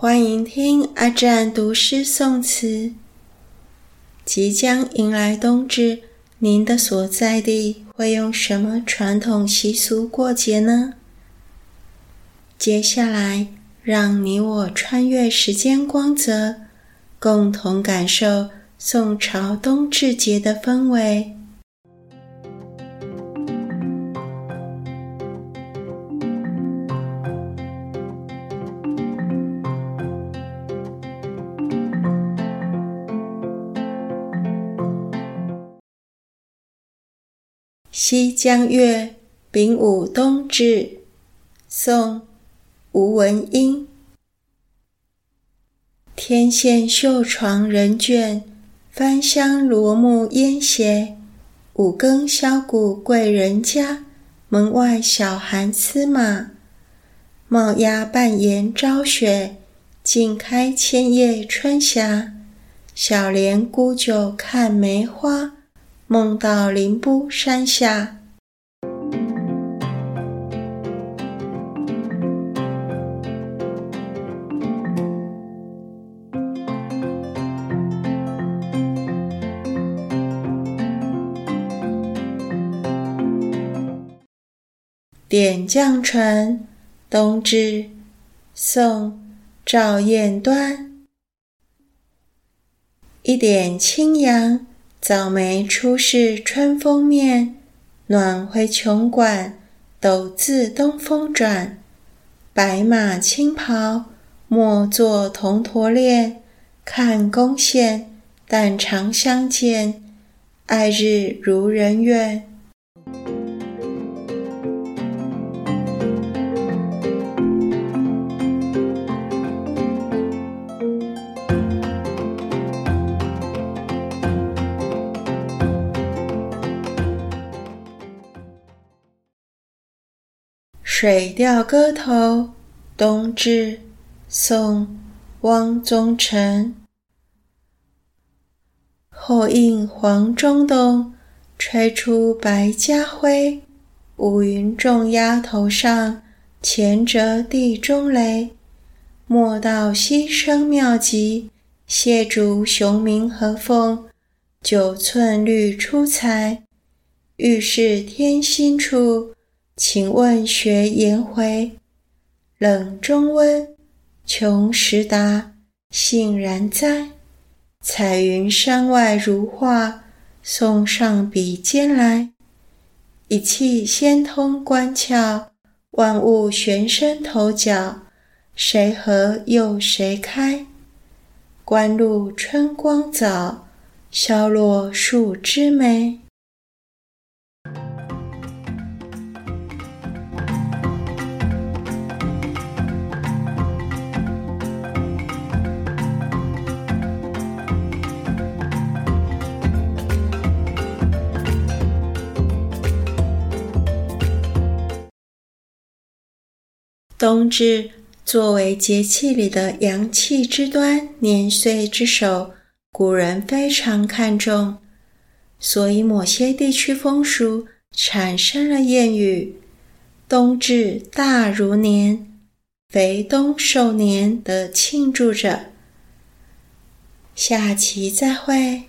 歡迎聽阿占讀詩宋詞。即將迎來冬至，您的所在地會用什麼傳統習俗過節呢？接下來，讓你我穿越時間光澤，共同感受宋朝冬至節的氛圍。西江月·丙午冬至，宋·吳文英。添線繡床人倦，翻香羅幕煙斜。五更簫鼓貴人家，門外曉寒嘶馬。帽壓半檐朝雪，鏡開千靨春霞。小簾沽酒看梅花，夢到林逋山下。《點絳唇，冬至，宋，趙彥端。一點青陽。早梅初識春風面，暖回瓊管，斗自東風轉。白馬青袍，莫作銅駝戀。看宮線，但長相見，愛日如人願。《水調歌頭·冬至》，宋·汪宗臣。候應黃鐘動，吹出白葭灰。五雲重壓頭上，潛蟄地中雷。莫道希聲妙寂，嶰竹雄鳴合鳳。九寸律初裁，欲識天心處。請問學顏回，冷中溫，窮時達，信然哉？彩雲山外如畫，送上筆尖來。一氣先通關竅，萬物旋生頭角。誰合又誰開？官路春光早，簫落數枝梅。冬至作為節氣裡的陽氣之端、年歲之首，古人非常看重，所以某些地區風俗產生了諺語：“冬至大如年，肥冬瘦年”的慶祝着。下期再會。